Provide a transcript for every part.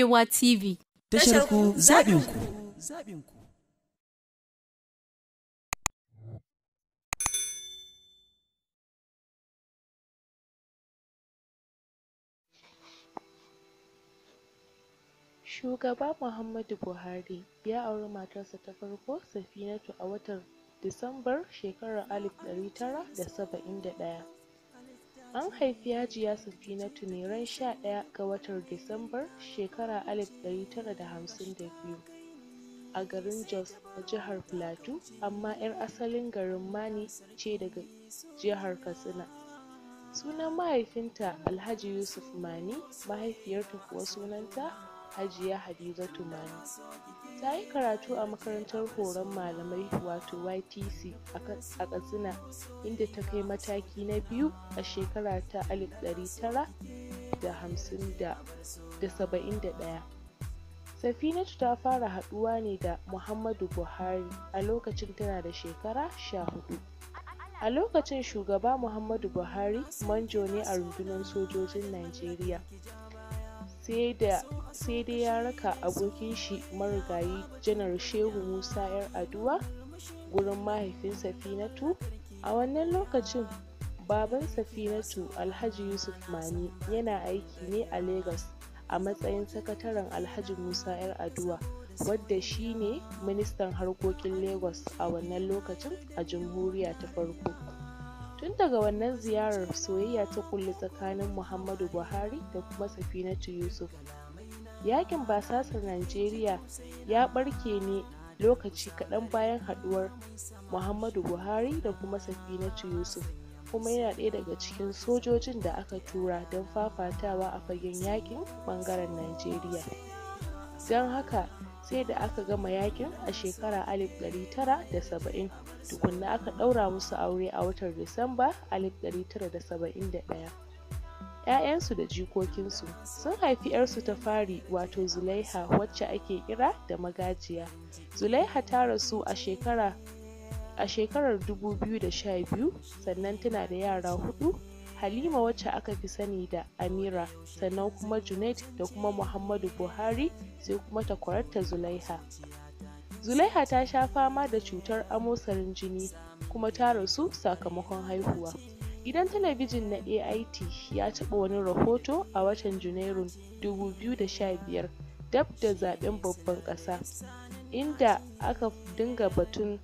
Arewa TV. Tasharku zabinku. Zabinku. Shugaba Muhammadu Buhari ya auri matarsa ta farko Safinatu a watan Disambar shekarar alif ɗari tara da saba'in da ɗaya. An haifi Hajiya Safinatu tuniran ran 11 ga watan Disambar shekara alif tara da da biyu a garin Jos a jihar Plateau, amma 'yar asalin garin Mani ce daga jihar Katsina. Sunan mahaifinta Alhaji Yusuf Mani, mahaifiyarta kuwa sunanta Hajiya Hadizatu Mani. Ta yi karatu a makarantar horon malamai wato YTC a Katsina inda ta kai mataki na biyu a shekara ta 1971. Safinatu ta fara haɗuwa ne da Muhammadu Buhari a lokacin tana da shekara hudu. A lokacin shugaba Muhammadu Buhari manjo ne a rundunar sojojin Najeriya. sai dai ya raka abokin shi marigayi janar Shehu Musa 'Yar Aduwa gurin mahaifin Safinatu. A wannan lokacin baban Safinatu Alhaji Yusuf Mani yana aiki ne a lagos a matsayin sakataren Alhaji Musa 'Yar Aduwa wadda shi ne ministan harkokin lagos a wannan lokacin a jamhuriya ta farko. Tun daga wannan ziyarar soyayya ta kulle tsakanin Muhammadu Buhari da kuma Safinatu Yusuf. Yaƙin basasar Najeriya ya ɓarke ne lokaci kaɗan bayan haɗuwar Muhammadu Buhari da kuma Safinatu Yusuf kuma yana ɗaya daga cikin sojojin da aka tura don fafatawa a fagen yaƙin ɓangaren Najeriya. Don haka sai da aka gama yakin a shekara 1970 tukunna aka ɗaura musu aure a watan disamba 1971 ‘ya'yansu da jikokinsu sun haifi ‘yarsu ta fari wato zulaiha wacce ake kira da magajiya zulaiha ta rasu a shekara a shekarar 2012 sannan tana da yara hudu Halima wacce aka fi sani da Amira, sannan kuma Junaid da kuma Muhammadu Buhari sai kuma takwararta Zulaiha. Zulaiha ta sha fama da cutar amosarin jini kuma ta rasu sakamakon haihuwa. Gidan talabijin na AIT ya taɓa wani rahoto a watan Junairun 2015 dab da zaben babban ƙasa, inda aka dinga batun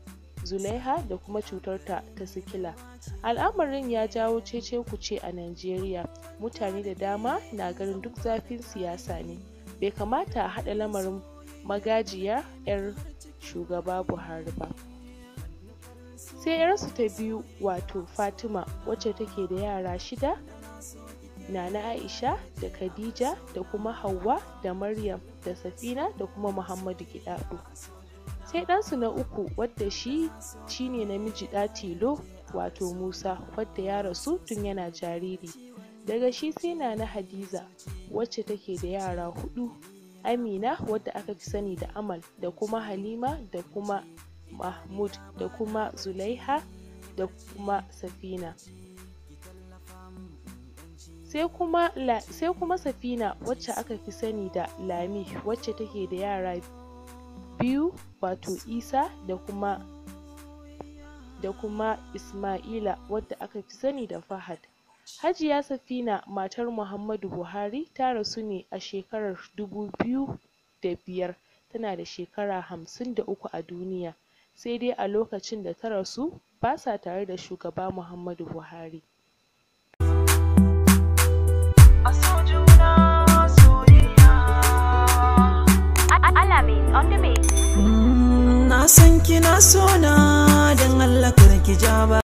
zulaiha da kuma cutar ta ta sikila al'amarin ya jawo cece kuce a najeriya mutane da dama na ganin duk zafin siyasa ne bai kamata a haɗa lamarin magajiya 'yar shugaba buhari ba sai 'yarsu ta biyu wato fatima wacce take da yara shida Nana Aisha da Khadija da kuma hawa da Maryam da Safina da kuma Muhammadu Gidaɗo. sai ɗansu na uku wadda shi shine namiji ɗa tilo wato musa wadda ya rasu tun yana jariri daga shi sai na na hadiza wacce take da yara hudu amina wadda aka fi sani da amal da kuma halima da kuma mahmud da kuma zulaiha da kuma safina sai kuma, safina wacce aka fi sani da lami wacce take da yara biyu wato Isa da kuma da kuma Isma'ila wadda aka fi sani da Fahad. Hajiya Safina matar Muhammadu Buhari ta rasu ne a shekarar dubu biyu da biyar tana da shekara hamsin da uku a duniya, sai dai a lokacin da ta rasu ba sa tare da shugaba Muhammadu Buhari. ina sona don Allah ki ja ba